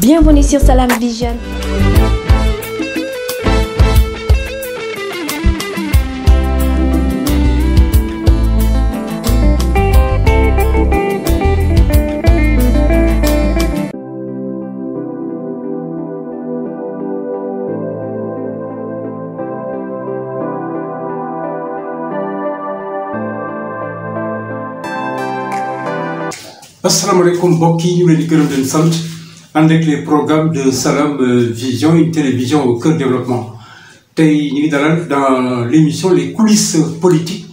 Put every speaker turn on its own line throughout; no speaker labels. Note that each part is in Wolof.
Bienvenue sur Salam Vision.
asalaamaaleykum mbokk yi ànd ak programmes de Salam euh, Vision une télévision au cœur développement tey ñu ngi dalal dans l' émission les coulisses politiques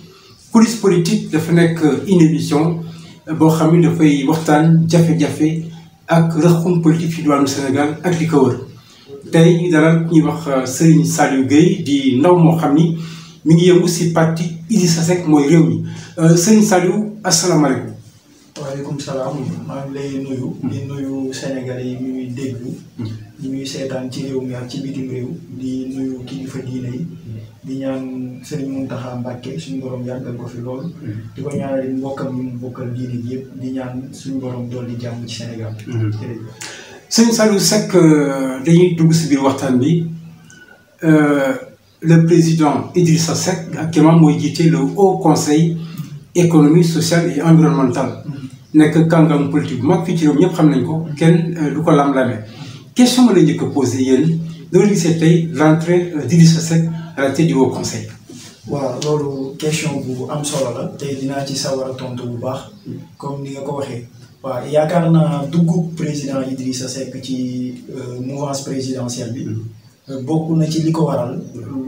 coulisses politiques dafa nekk euh, une émission euh, boo xam ne dafay waxtaan jafe-jafe ak rëqum politique fi diwaanu Sénégal ak li ko wër tey ñu ngi ñuy wax Serigne Saliou Gueye di ndaw moo xam ni mu ngi yëngu si parti Idrissa Seck mooy réew mi Serigne Saliou asalaamaaleykum. waaleykum salaam maa ngi lay nuyu. Hmm. di nuyu
Sénégalais yi ñuy déglu. Hmm. ñuy seetaan ci réew mi ak ci bitim réew. di nuyu kilifa diine yi. Hmm. di ñaan Serigne Mountakha Mbacké suñu borom yàggal ko fi lool. di ko ñaanal mbokkam yi mu bokkal diine gi yëpp di ñaan suñu borom dool di jàmm ci Sénégal.
sëñ Saliou Seck euh, dañuy dugg si biir waxtaan bi euh, le président Idrissa Seck actuellement mooy jiite le haut conseil. économie sociale et environnementale mm-hmm. nekk kàngam politique bu mag fii ci réew ñëpp xam nañ ko mm-hmm. kenn euh, du ko lam-lamee question ma la njëkk a posé yéen loolu gisee tey l'entrée euh, d'Idrissa Seck à la tête du Haut Conseil waaw loolu question bu am solo la tey
dinaa ci sawar a tontu bu baax mm-hmm. comme ni nga ko waxee waaw yaakaar naa dugg président sa Seck ci mu euh, mouvance présidentielle bi bokk na ci li ko waral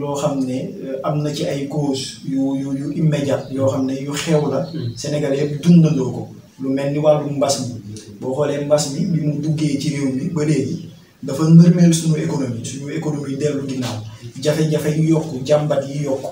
loo xam ne euh, am na ci ay cause yu yu yu immédiate yoo xam ne yu xew la hmm. Sénégal yëpp dundandoo ko lu mel ni wàllum mbas mi boo xoolee mbas mi bi mu duggee ci réew mi ba léegi dafa nërmeel suñu économie suñu économie dellu ginnaaw jafe-jafe yu yokk jàmbat yi yokk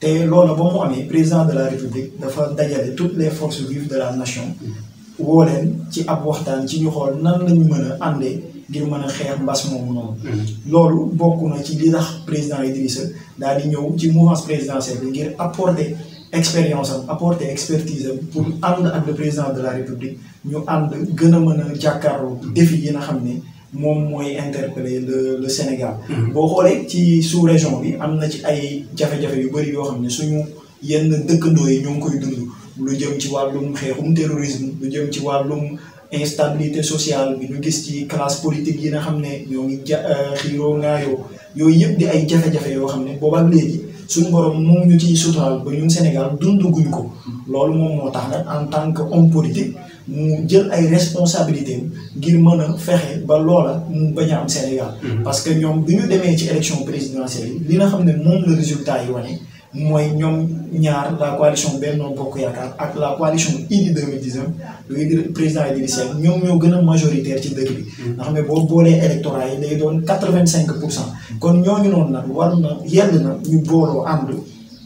te loolu ba mu amee président de la république dafa dajale toute les forces vives de la nation hmm. woo leen ci ab waxtaan ci ñu xool nan lañ mën a àndee ngir mën a xeex mbas moomu noonu. Mhm. loolu bokk na ci li tax président Idrissa daal di ñëw ci mouvance présidentielle bi ngir apporter expérience am apporter expertise am pour ànd ak le président de la république ñu ànd gën a mën a jàkkaarloo mhm. defi yi na xam ne moom mooy interpeller le le Sénégal. Mhm. boo xoolee ci sous région bi am na ci ay jafe-jafe yu bëri yoo xam ne suñu yenn dëkkandoo yi ñoo ngi koy dund lu jëm ci wàllum xeexum terrorisme lu jëm ci wàllum. instabilité sociale bi ñu gis ci classe politique yi nga xam ne ñoo ngi ja euh, xiiroo ngaayoo yooyu yëpp di ay jafe-jafe yoo xam ne boobaak léegi suñu borom moom ñu ciy suturaal ba ñun Sénégal dundaguñ ko loolu moom moo tax nag en tant que homme politique mu jël ay responsabilités ngir mën a fexe ba loola mu bañ a am Sénégal. Mm-hmm. parce que ñoom bi ñu demee ci élection présidentielle yi li nga xam ne moom la résultat yi wane. mooy ñoom ñaar la coalition Benno Bokk Yaakaar ak la coalition Idy 2019 lu Idy président Idy Seck ñoom ñoo gën a majoritaire ci dëkk bi. nga xam ne boo boolee électorat yi day doon quatre vingt cinq pour cent. kon ñooñu noonu nag war na yell na ñu booloo ànd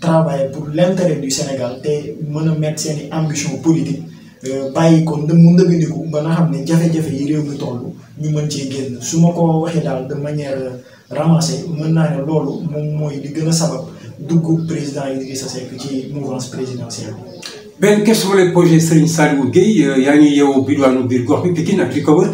travailler pour l' intérêt du Sénégal te mën a mettre seen i ambition politique euh, bàyyi kon ndëm mu ndëgëndiku ba nga xam ne jafe-jafe yi réew mi toll ñu mën cee génn su ma ko waxee daal de manière euh, ramassée mën naa ne loolu moom mooy li gën a sabab. dugg président Idrissa Seck ci mouvance présidentielle
bi. projet Serigne Saliou Gueye euh, yaa ngi yeewoo bi diwaanu biir gox bi Pikine ak li ko wër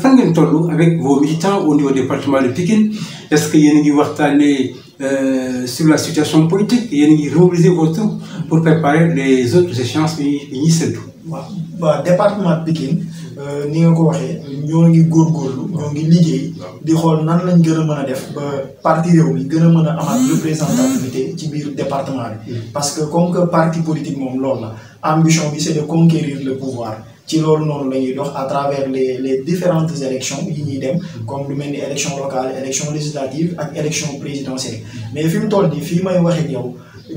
fan ngeen toll avec vos militants au niveau département de Pikine est-ce que yéen a ngi waxtaanee euh, sur la situation politique yéen a ngi remobiliser vos troupes pour préparer les autres échéances yi ñuy séntu. waaw waaw département Pikine euh, ni nga ko waxee ñoo
ngi góor góorgóorlu ñoo ngi liggéey di xool nan lañ gën a mën a def ba parti réew mi gën a mën a amaat représentativité ci biir département bi mm. parce que comme que parti politique moom lool la ambition bi c'est de conquérir le pouvoir ci loolu noonu la dox à travers les les différentes élections yi ñuy dem mm. comme lu mel ni élection locale élection législative ak élection présidentielle mais fi mu toll nii fii may waxee yow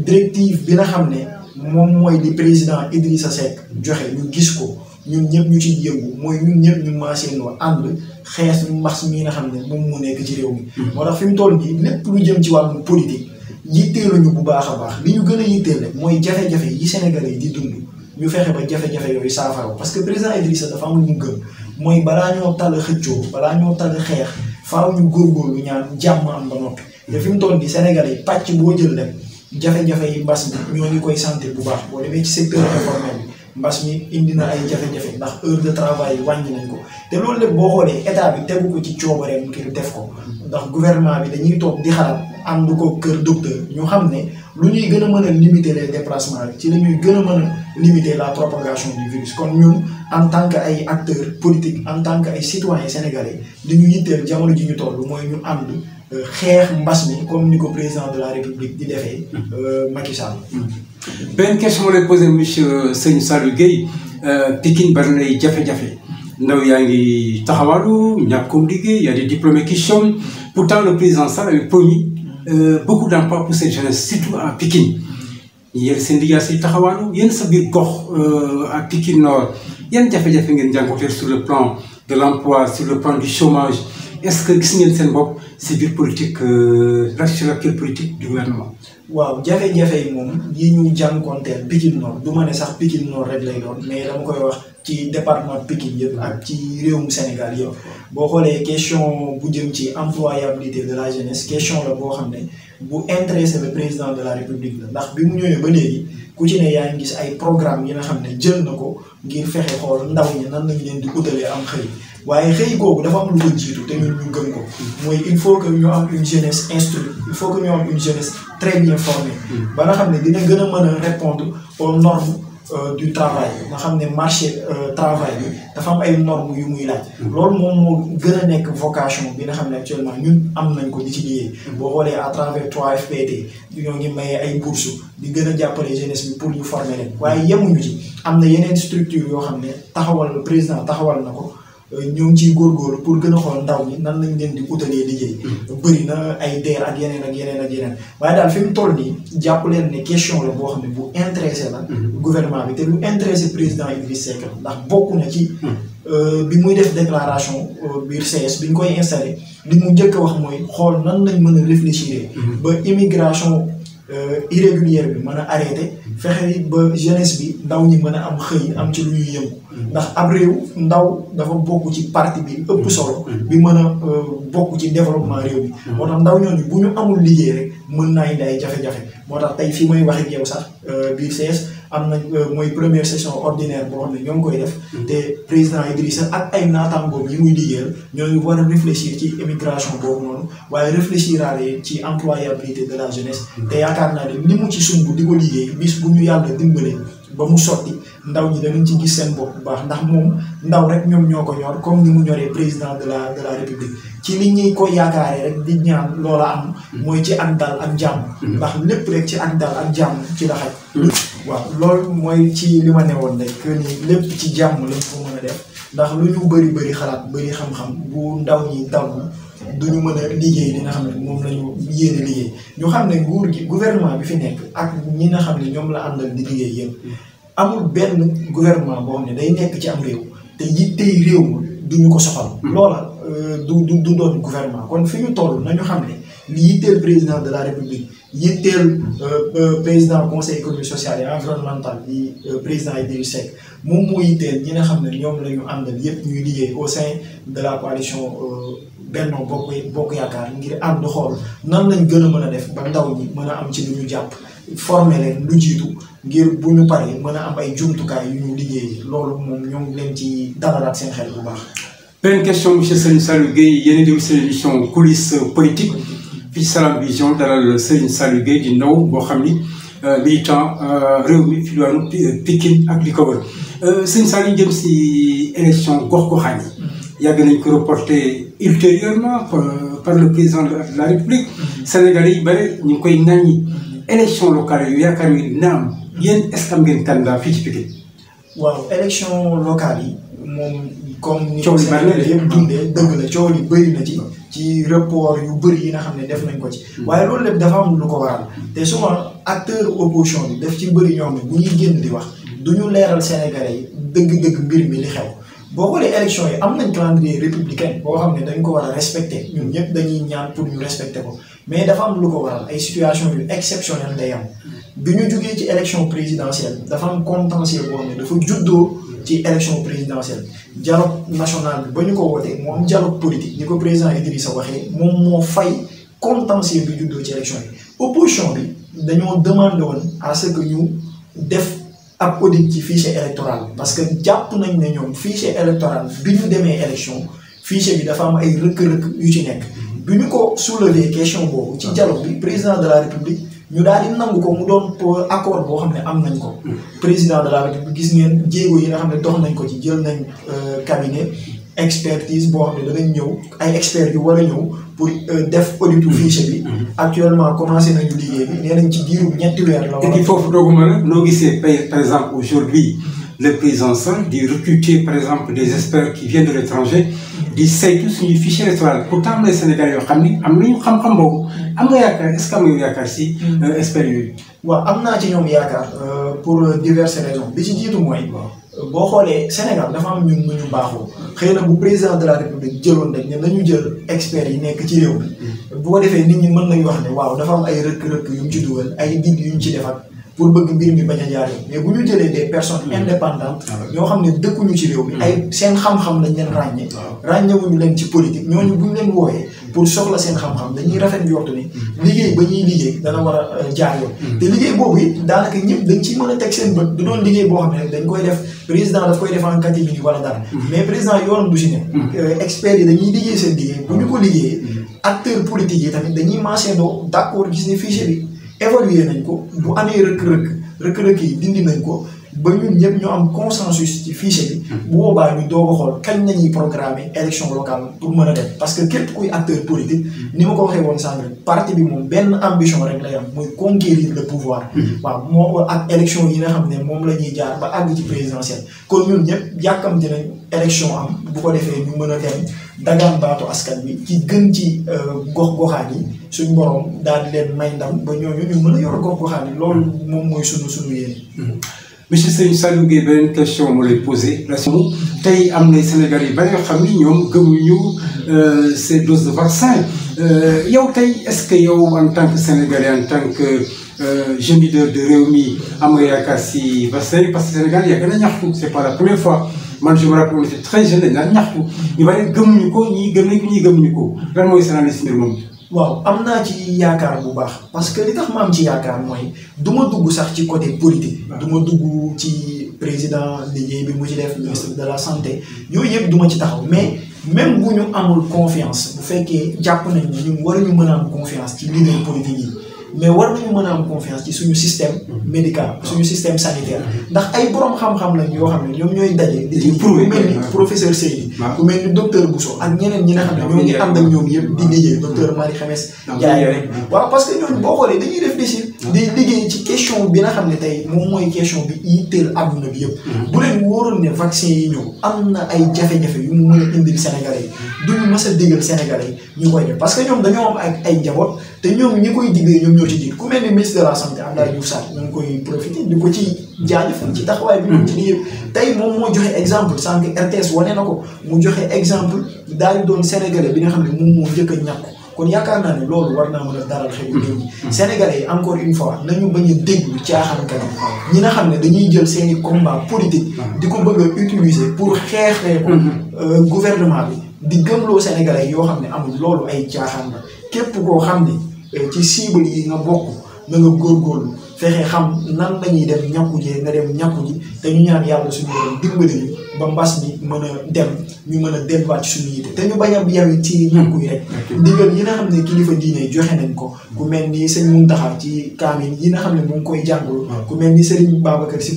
directive xam ne moom mooy li président Idrissa Seck joxe ñu gis ko ñu ñëpp ñu ci yëngu mooy ñun ñëpp ñu maaseenoo ànd xees ñu max mii nga xam ne moom moo nekk ci réew mi. Hmm. moo tax fi mu toll nii lépp lu jëm ci wàllu politique yitteeluñu bu baax a baax li ñu gën a yitteel rek mooy jafe-jafe yi Sénégalais yi di dund ñu fexe ba jafe-jafe yooyu saafara parce que président Idrissa dafa am lu mu gën mooy balaa ñoo tal xëccoo balaa ñoo tal xeex faaw ñu góorgóorlu ñaan jàmm am ba noppi te fi mu toll nii Sénégalais yi pàcc boo jël rek. jafe-jafe yi mbas mi ñoo ngi koy santé bu baax boo demee ci secteur informel bi mbas mi indi na ay jafe-jafe ndax heure de travail yi wàññi nañ ko te loolu lépp boo xoolee état bi tegu ko ci coobareem ngir def ko ndax gouvernement bi dañuy toog di am ànd ko kër docteur ñu xam ne lu ñuy gën a mën a limiter les déplacements ci la ñuy gën a mën a limiter la propagation du virus kon ñu en tant que ay acteurs politiques en tant que ay citoyens sénégalais di ñu yitteel jamono ji ñu toll mooy ñu ànd xeex mbas mi comme ni ko président de la république di defee. Euh, Macky Sall.
benn question lay posé monsieur euh, Sëñ Saliou Guèye euh, Pikine bari nay jafe-jafe ndaw yaa ngi taxawalu ñàkkum liggéey y a des diplômés qui chôment pourtant le président Sall avait promis beaucoup d'emplois pour cette jeunesse surtout à Pikine yéen seen liggéey si taxawalu yéen sa biir gox a Pikine Nord yan jafe-jafe ngeen jànkuwuteel sur le plan de l'emploi sur le plan du chômage. est-ce que gis ngeen seen bopp si biir politique si euh, l'actuelle politique gouvernement. waaw jafe-jafe yi moom yi ñu jànkuwanteel Pikine Nord du ma ne sax
Pikine Nord rek lay doon mais dama koy wax ci département Pikine yëpp ak ci réew mu Sénégal yëpp boo xoolee question bu jëm ci employabilité de la jeunesse question la boo xam ne bu intéressé le président de la République la ndax bi mu ñëwee ba léegi ku ci ne yaa ngi gis ay programme yi nga xam ne jël na ko ngir fexe xool ndaw ñi nan lañu leen di utalee am xëy. waaye xëy googu dafa am lu ko jiitu te ñun ñu gëm ko mooy il faut que ñu am une jeunesse instruite il faut que ñu am une jeunesse très bien formée mm. ba nga xam ne dina gëna a mën a répondre aux normes euh, du travail nga xam ne marché euh, travail bi dafa am ay normes yu muy laaj mm. loolu moom moo gën a nekk vocation bi nga xam ne actuellement ñun am nañ ko di ci liggéey mm. boo xoolee à travers 3FPT ñoo ngi mayee ay bourses di gën a jàppale jeunesse bi pour ñu former leen waaye yemuñu ci am na yeneen structure yoo xam ne taxawal président taxawal na ko ñu ngi ciy góorgóorlu pour gën a xool ndaw ñi nan lañ leen di utalee liggéey. bëri na ay deer ak yeneen ak yeneen ak yeneen waaye daal fi mu toll nii jàpp leen ne question la boo xam ne bu intéressé la. Mhm. gouvernement bi te lu intéressé président Idriss Seck ndax bokku na ci. Euh, bi muy def déclaration euh, biir CS bi ñu koy installé li mu njëkk a wax mooy xool nan lañ mën a réfléchir. Mhm. ba immigration euh, irrégulière bi mën a arrêté. fexe ba jeunesse bi ndaw ñi mën a am xëy am ci lu ñuy yëngu. Mm-hmm. ndax ab réew ndaw dafa bokku ci parti bi ëpp mm-hmm. solo. Mm-hmm. bi mën a euh, bokk ci développement réew bi moo tax ndaw ñooñu bu ñu amul liggéey rek mën naa indi ay jafe-jafe moo tax tey fi may wax ak yow sax euh, biir CES. am nañ euh, mooy première session ordinaire boo xam ne ñoo ngi koy def. Mm-hmm. te président Idrissa ak ay naataangoom yi muy liggéeyal ñooñu war a réfléchir ci immigration boobu noonu waaye réfléchir aale ci employabilité de la jeunesse. Mm-hmm. te yaakaar naa ne ni mu ci sumb di ko liggéey bis bu ñu yàlla dimbale ba mu sotti. ndaw ñi danañ ci gis seen bopp bu baax ndax moom ndaw rek ñoom ñoo ko ñor comme ni mu ñoree président de la de la république ci li ñuy ko yaakaaree rek di ñaan loola am mooy ci ak dal ak jàmm ndax lépp rek ci ak dal ak jàmm ci la xaj waaw loolu mooy ci li ma woon rek que ni lépp ci jàmm lañ ko mën a def ndax lu ñu bëri bëri xalaat bëri xam-xam bu ndaw ñi daw du ñu mën a liggéey li nga xam ne moom la ñu yéene liggéey ñu xam ne nguur gi gouvernement bi fi nekk ak ñi nga xam ne ñoom la àndal di liggéey yëpp amul benn gouvernement boo xam ne day nekk ci am réew te yittey réew ma du ñu ko soxal. Hmm. loola euh, du du du doon gouvernement kon fi ñu toll nañu xam ne li yitteel président de la république yitteel euh, euh, président conseil économique social et environnemental di président Idrissa Seck moom moo yitteel ñi nga xam ne ñoom la ñu àndal yépp ñuy liggéey au sein de la coalition Benno Bokk Bokk Yaakaar ngir ànd xool nan lañ gën a mën a def ba ndaw ñi mën a am ci lu ñu jàpp former leen lu ngir bu ñu paree mën a am ay
jumtukaay yu ñu liggéey loolu moom ñoo ngi ci dalalaat seen xel bu baax. beneen question monsieur Serigne Saliou Gueye yéen a dem seen émission coulisse politique fii ci Salam Vision dalal Serigne Saliou Gueye di ndaw boo xam ni euh, militant euh, réew mi fi diwaanu Pikine ak di ko wër euh, Serigne Saliou jëm si élection gox-goxaan yi yàgg nañ ko reporté ultérieurement par le président de la République. Mm-hmm. yi bare ñu ngi koy naññi mm-hmm. élection locale yu yaakaar ni naam. yéen est-ce que am fii ci Pikine. waaw élection locale yi moom comme ni ko Sénégal yëpp dundee
dëgg la coow li bëri na ci ci rapport yu bëri yi nga xam ne def nañ ko ci hmm. waaye loolu lépp dafa am lu ko waral hmm. te souvent acteur opposition bi daf ci bëri ñoom bu ñuy génn di wax du ñu leeral Sénégalais yi dëgg-dëgg mbir mi li xew boo xoolee élection yi am nañ calendrier républicain boo xam ne dañ ko war a respecté ñun ñëpp dañuy ñaan pour ñu respecté ko mais dafa am lu ko waral ay situation yu exceptionnelle day am bi ñu jugee ci élection présidentielle dafa am contentieux boo xam ne dafa juddoo ci élection présidentielle dialogue national bi ba ñu ko wootee moo am dialogue politique ni ko président Idrissa waxee moom moo fay contentieux bi juddoo ci élection yi opposition bi dañoo demandé woon à ce que ñu def ab audit ci fichier électoral parce que jàpp nañ ne ñoom fichier électoral bi ñu demee élection fichier bi dafa am ay rëkk-rëkk yu ci nekk bi ñu ko soulever question boobu ci dialogue bi président de la république ñu daal di nangu ko mu doon accord boo xam ne am nañ ko hmm. président de la république gis ngeen jéego yi nga xam ne dox nañ ko ci jël nañ euh, cabinet expertise boo xam ne danañ ñëw ay experts yu war a ñëw pour euh, def auditu fichier bi. Mm-hmm. Mm-hmm. actuellement commencé
nañu liggéey bi nee nañ ci diiru ñetti weer la. war a foofu doogu ma nag noo gisee par exemple aujourd'hui mm-hmm. le président Sall di recruter par exemple des experts qui viennent de l'étranger di saytu suñu fichier électoral pourtant am na Sénégal yoo xam ni am nu ñu xam-xam boobu am nga yaakaar est-ce que am nga yaakaar si euh, experts yooyu. waaw am naa ci ñoom yaakaar euh, pour diverses raisons bi ci
boo xoolee Sénégal dafa am ñun ñu baaxoo xëy na bu président de la république jëloon rek ñun nañu jël experts yi nekk ci réew bi mm. bu defee nit ñi mën nañu wax ne waaw dafa am ay rëkk-rëkk yu ñu ci dugal ay digg yu mu ci defat pour bëgg mbir mi bañ a jaar mais bu ñu jëlee des personnes mm. indépendantes ah ñoo xam ne dëkkuñu ci réew mi mm. ay seen xam-xam lañ leen ràññee ràññewuñu leen ci politique ñooñu bu ñu leen wooyee pour soxla seen xam-xam dañuy rafet njort ni liggéey ba ñuy liggéey dana war a euh, jaar mm-hmm. te liggéey boobu it daanaka ñëpp dañ ciy mën a teg seen bët du doon liggéey boo xam ne dañ koy def président daf koy def en catégorie wala dara mm-hmm. mais président yoonam du si ne mm-hmm. euh, experts yi dañuy liggéey seen liggéey bu ñu ko liggéeyee acteur politique yi tamit dañuy marché doo d' accord gis ne fichier bi nañ ko bu amee rëkk-rëkk rëkk-rëkk yi dindi nañ ko ba ñun ñëpp ñu am consensus ci fichier bi. Hmm. bu boobaa ñu doog a xool kañ nañuy programmer élection locale pour mën a dem parce que képp kuy acteur politique. Hmm. ni ma ko waxee woon sànq rek parti bi moom benn ambition rek lay am muy conquérir le pouvoir. Hmm. waaw moo ak élection yi nga xam ne moom la ñuy jaar ba àgg ci présidentielle kon ñun ñëpp yàkkamti nañ élection am bu ko defee ñu mën a dem dagaan baatu askan bi ci gën ci euh, gox goxaan yi suñ borom daal di leen may
ndam ba ñoo ñu mën yor gox goxaan yi loolu moom mooy sunu sunu monsieur Serigne Saliou Gueye beneen question moo lay posé la suñu tey am na Sénégal yi bari yoo xam ni ñoom gëmuñu euh, ces doses de vaccin euh, yow tey est-ce que yow en tant que sénégalais en tant que euh, jeune leader de réew mi am nga yaakaar si vaccin yi parce que Sénégal yàgg na ñaxtu c'est pas la première fois man je me a on très jeune dañ ñaxtu ñu bari gëmuñu ko ñi gën nañ ko gëmuñu ko lan mooy seen analyse si moom. waaw am naa ci yaakaar bu baax
parce que li tax ma am ci yaakaar mooy du ma dugg sax ci côté politique. duma duggu ci président liggéey bi mu ci def ministre de la santé yooyu yëpp duma ci taxaw mais même bu ñu amul confiance bu fekkee jàpp nañ ñu war ñu mën a am confiance ci leader politique yi. mais war nañu mën a am confiance ci suñu système médical mm-hmm. suñu système sanitaire mm-hmm. ndax ay borom xam-xam lañ yoo xam ne ñoom ñooy daje di ci prouver mel ni professeur Seydi ku mel ni docteur Bousso ak ñeneen ñi a xam ne ñoo ngi ànd ak ñoom yëpp di liggéey mm-hmm. docteur Marie Khemesse Ndiaye rek waaw parce que ñooñu boo xoolee dañuy def décide bi na xam ne tey moom mooy question bi yitteel adduna bi yëpp. Mhm. bu leen wóoroon ne vaccin ñëw am na ay jafe yu mu mën a indil Sénégalais yi duñu mës yi ñu koy def parce que ñoom dañoo am ak ay njaboot te ñoom ñi koy diggee ñoom ñoo ci jiit ku mel ni ministre de la santé ko ci jaajëfal ci taxawaay bi. ñu tey moom moo joxe sànq RTS wane na ko mu joxe exemple daal di doon Sénégalais bi nga xam ne moom moo njëkk a kon yaakaar naa ne loolu war naa mën a daral xëy nit ñi sénégalais yi encore une fois nañu bañ a déglu caaxaankat yi ñi nga xam ne dañuy jël seen i combat politique hmm. di ko bëgg utiliser pour xeexee ko hmm. euh, gouvernement bi di gëmloo sénégalais yoo xam ne amul loolu ay caaxaan la képp koo xam ne euh, ci cible yi nga bokk na nga góorgóorlu fexe xam nan lañuy dem ñàkku jee nga dem ñàkku ji te ñu ñaan yàlla suñu borom dimbali ba mbas mi mën a dem ñu man a delluwaat ci suñu yite te ñu bañ a yaw ci ñàkk yi rek ndigal yi nga xam ne kilifa diine joxe nañ ko ku mel ni sëñ Muntaxa ci kaamil yi nga xam ne mu ngi koy jàngul ah. ku mel ni sëriñ Babacar ci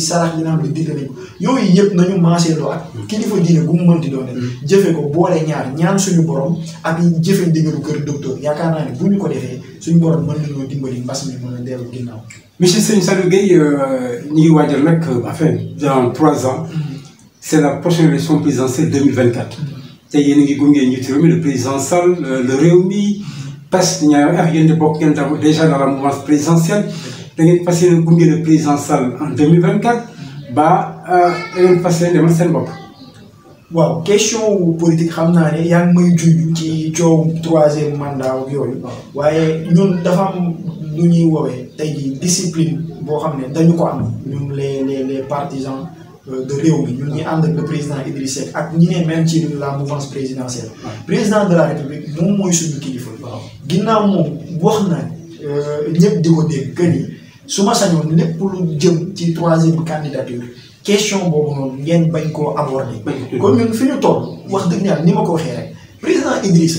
sarax yi nga xam ne digle nañ ko yooyu yëpp nañu maaseeloo ak hmm. kilifa diine gu mu mënti doone hmm. jëfe ko boole ñaar ñaan suñu borom ak jëfe ndigalu kër docteur yaakaar naa ne bu ñu ko defee suñu borom mën nañoo dimbali mbas mi mën a dellu ginnaaw
monsieur Serigne Saliou Gueye euh, ñu ngi waajal nag affaire dans trois c'est la prochaine élection présidentielle 2024 te yéen a ngi gunge njiitu réew mi le président euh, le réew mi parce que ñaar ak ah, yéen di bokk ngeen tam déjà dans la mouvance présidentielle da ngeen fas yéene gunge le président Sall en ba euh, da ngeen fas yéene demal seen bopp. waaw question wu politique xam naa
ne yaa ngi may junj ci coow troisième mandat yooyu waaye ñun dafa am lu ñuy woowee tey jii discipline boo xam ne dañu ko am ñun les les les partisans. Euh, de réew mi ñun ñi ànd ak le président Idriss Seck ak ñi ne même ci la mouvance présidentielle. président de la république moom mooy suñu kilifa. ginnaaw moom wax na euh, ñëpp di ko dégg que ni su ma sañoon lépp lu jëm ci troisième candidature question boobu noonu ngeen bañ koo aborder. kon ñun fi ñu toll wax dëgg yàlla ni ma ko waxee rek président Idriss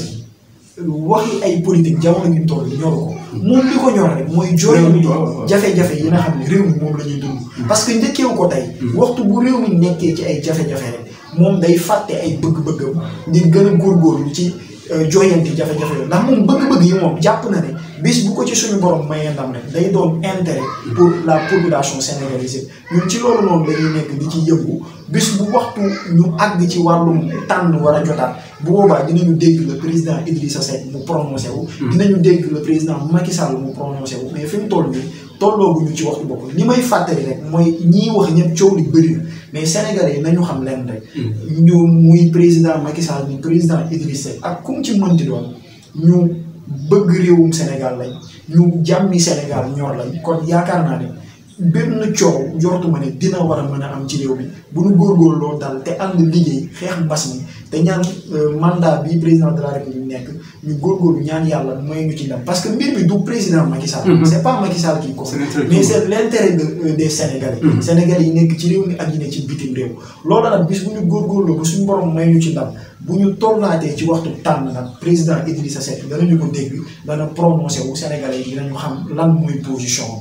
waxi ay politique jamono ñu toll ñoru ko. moom li ko ñor rek mooy jooylu jafe-jafe yi na xam ne réew mi moom la ñuy dund mm. parce que njëkkeewu ko tey mm. waxtu bu réew mi nekkee ci ay jafe-jafe rek moom day fàtte ay bëgg-bëggam ngir gën a góor góorgóorlu ci Euh, jooyanti jafe-jafe yooyu ndax moom bëgg-bëgg yi moom jàpp na ne bis bu ko ci suñu borom mayee ndam rek day doon intérêt pour la population sénégalaise ñun ci loolu noonu dañuy nekk di ci yëngu bis bu waxtu ñu àgg ci wàllum tànn war a jotaat bu boobaa dinañu dégg le président sa Seck mu prononcé wu. Hmm. dinañu dégg le président Macky Sall mu prononcé mais fi mu toll nii. tolloowuñu ci waxtu bopp li may fàttali rek mooy ñii wax ñëpp coow li bëri na mais sénégalais yi nañu xam leen rek. Mm. ñu muy président Macky Sall muy président Idriss Seck ak ku mu ci di doon ñu bëgg réewum Sénégal lañ ñu jàmmi Sénégal ñor lañ kon yaakaar naa ne. benn coow jortu ma ne dina war a mën a am ci réew bi bu góor góorgóorloo dal te ànd liggéey xeex mbas mi te ñaan euh, mandat bi président de la république nekk ñu góorgóorlu ñaan yàlla mooy ñu ci ndam parce que mbir bi du président Macky Sall. Mm-hmm. c' est pas Macky Sall qui compte. mais c' est l' intérêt de euh, des mm-hmm. sénégalais. yi nekk ci réew mi ak yi nekk ci bitim réew. loolu nag bis bu ñu góorgóorlu ba suñu borom may ñu ci ndam bu ñu tollaatee ci waxtu tànn nag président Idrissa Seck danañu ko dégg dana prononcé wu sénégalais yi dinañu
xam lan mooy position am.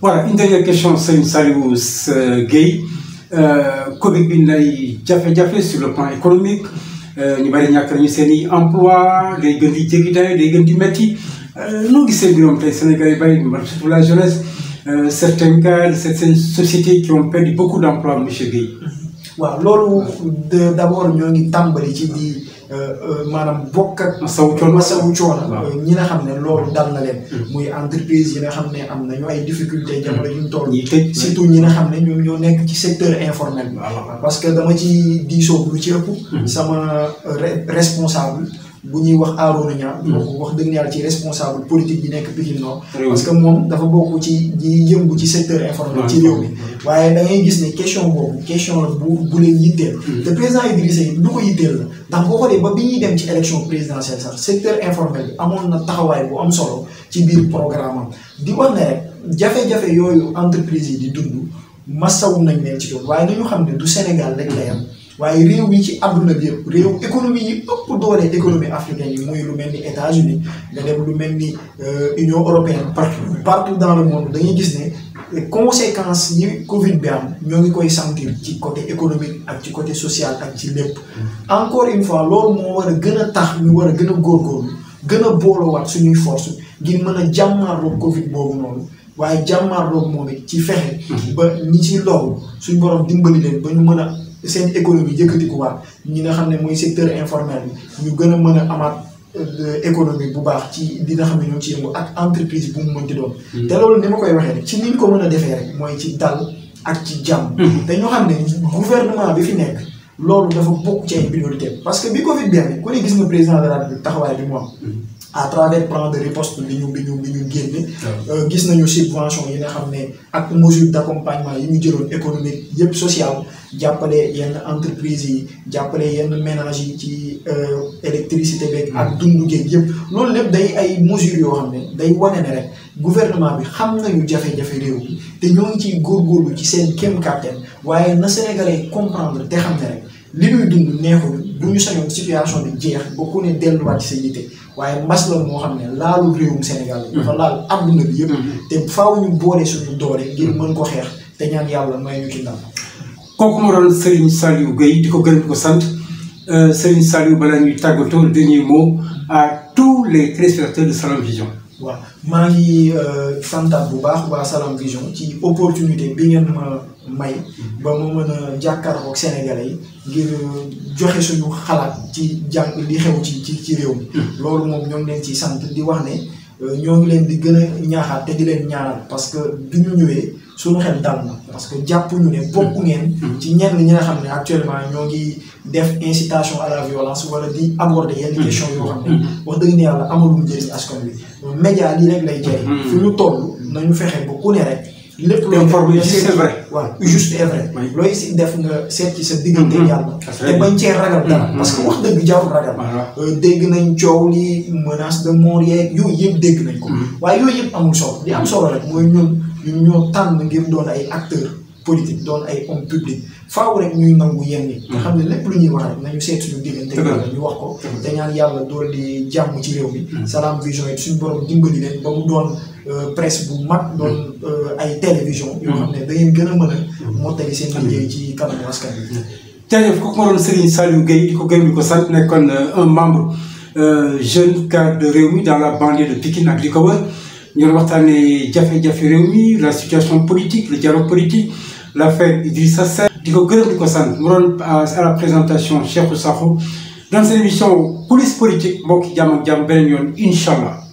voilà une dernière question sëñ Saliou euh, Guèye. Covid bi nay jafe-jafe sur le plan économique euh, ñu bari ñàkk nañu seen i emploi day gën di jéggi day day gën di métti euh, noo gisee mbiroom tey Sénégal yi bari surtout la jeunesse euh, certains cas de certaines sociétés qui ont perdu beaucoup d'emplois monsieur Guèye waaw loolu d' abord ñoo ngi tàmbali ci di
euh, euh, maanaam bokk ak. masawu coono masawu coono. Euh, ñi nga xam ne loolu dal na leen. Mm-hmm. muy entreprise yi nga xam ne am nañu ay difficultés jamono mm-hmm. yu ñu toll. ñi tëj surtout ñi nga xam ne ñoom ñoo nekk ci secteur informel. parce que dama ci diisoo lu ci ëpp. Mm-hmm. sama responsable. bu ñuy wax Arouna Niang donc wax dëgg yàlla ci responsable politique yi nekk Pikine Nord parce que moom dafa bokk ci ñi yëngu ci secteur informel ci réew waaye da ngay gis ne question boobu question la bu bu leen yitteel te président Idrissa Seck du ko yitteel la ndax boo xoolee ba bi ñuy dem ci élection présidentielle sax secteur informel bi amoon na taxawaay bu am solo ci biir programme di wax ne rek jafe-jafe yooyu entreprise yi di dund masawu nañ leen ci doon xam ne Sénégal rek waaye réew yi ci àdduna bi yëpp réew économie yi ëpp doole économie africaine yi muy lu mel ni États-Unis nga lu mel ni euh, Union européenne partout partout dans le monde dañuy gis ne conséquences yi Covid bi am ñoo ngi koy sentir ci côté économique ak ci côté social ak ci lépp. encore une fois loolu moo war a gën a tax ñu war a gën a góorgóorlu gën a boolowaat suñuy force ngir mën a jàmmaarloo Covid boobu noonu. waaye jàmmaarloo moom it ci fexe. Mm-hmm. ba ñi ci loolu suñ borom dimbali leen ba ñu mën a. seen économie waa ñi nga xam ne mooy secteur informel bi ñu gën a mën a amaat euh, économie bu baax ci dina xam ne ñoo ci yëngu ak entreprise bu mu mënti doon. Hmm. te loolu ni ma koy waxee rek ci ni ñu ko mën a defee rek mooy ci dal ak ci jàmm. Hmm. te ñoo xam ne gouvernement bi fi nekk loolu dafa bokk ci ay priorité parce que bi Covid bi amee ku ne gis nga président de la taxawaay bi mu am. Hmm. à travers plan de riposte bi ñu bi ñu bi ñu génne. Euh, gis nañu subvention yi nga xam ne ak mesure d' accompagnement yi ñu jëloon économique yëpp social jàppale yenn entreprise yi jàppale yenn ménage yi ci euh, électricité beeg ak mm. dundu géeg yëpp loolu lépp day ay mesures yoo xam ne day wane ne rek gouvernement bi xam nañu jafe-jafe réew bi te ñoo ngi ciy góorgóorlu ci seen kéem kàttan waaye na sénégalais comprendre te xam ne rek li ñuy dund neexul. bu ñu sañoon situation bi jeex ba ku ne delluwaat ci sa yitte waaye mbas la moo xam ne laalu réewum Sénégal la. dafa laal adduna bi yëpp. te faaw ñu boole suñu doole ngir mën ko xeex te ñaan yàlla may ñu ci ndam.
kooku moo doon Serigne Saliou Gueye di ko gën di ko sant euh, Serigne Saliou balaa ñuy tàggatoo le dernier mot à tous les téléspectateurs de Salam Vision. waaw maa
ngi euh,
santaat bu baax waa Salam Vision ci opportunité bi ngeen ma. may
ba mu mën a jàkkaarloog Sénégalais yi ngir joxe suñu xalaat ci jàng li xew ci ci ci réew mi. Hmm. loolu moom ñoo ngi leen ciy sant di wax ne euh, ñoo ngi leen di gën a ñaaxaat te di leen ñaanal parce que du ñu ñëwee suñu xel dal na parce que jàpp ñu ne bokk hmm. ngeen. Hmm. ci ñenn ñi nga xam ne actuellement ñoo ngi def incitation à la violence wala di aborder yenn question yoo xam ne. wax dëgg ne yàlla amalum njëriñ askan wi. média lii rek lay jëriñ. fu ñu toll nañu fexe ba ku ne waaw juste et vrai. looy si def nga seet ci sa diggante mm-hmm. yàlla. te bañ cee ragal dara. Mm-hmm. parce que wax dëgg jarul ragal. Euh, dégg nañ coow li menace de mort yeeg yooyu yëpp dégg nañ ko. Mm-hmm. waaye yooyu yëpp amul solo li am solo rek mooy ñun ñun ñoo tànn ngir doon ay acteurs. politique doon ay homme public faaw rek ñuy nangu yenn yi nga xam ne lépp lu ñuy wax rek nañu seet suñu diggante yàlla ñu wax ko te ñaan yàlla dool di jàmm ci réew mi Salam Vision it suñu borom dimbali leen ba mu doon Euh, presse bu mag doon mm. euh, ay télévision yoo mm. xam ne da ngeen gën a mën a mm. mottali seen
liggéey ci kanamu askan bi jërëjëf kooku ma doon Serigne Saliou Gueye di ko gërëm di ko sant nekkoon euh, un membre jeune cadre de Rewmi dans la banlieue de Pikine ak li ko wër ñu doon waxtaanee jafe-jafe Rewmi la situation politique le dialogue politique l'affaire Idrissa Seck di ko gërëm di ko sant mu doon à la présentation Cheikhou Sakho dans cette police politique mbokk jàmm ak jàmm beneen yoon incha allah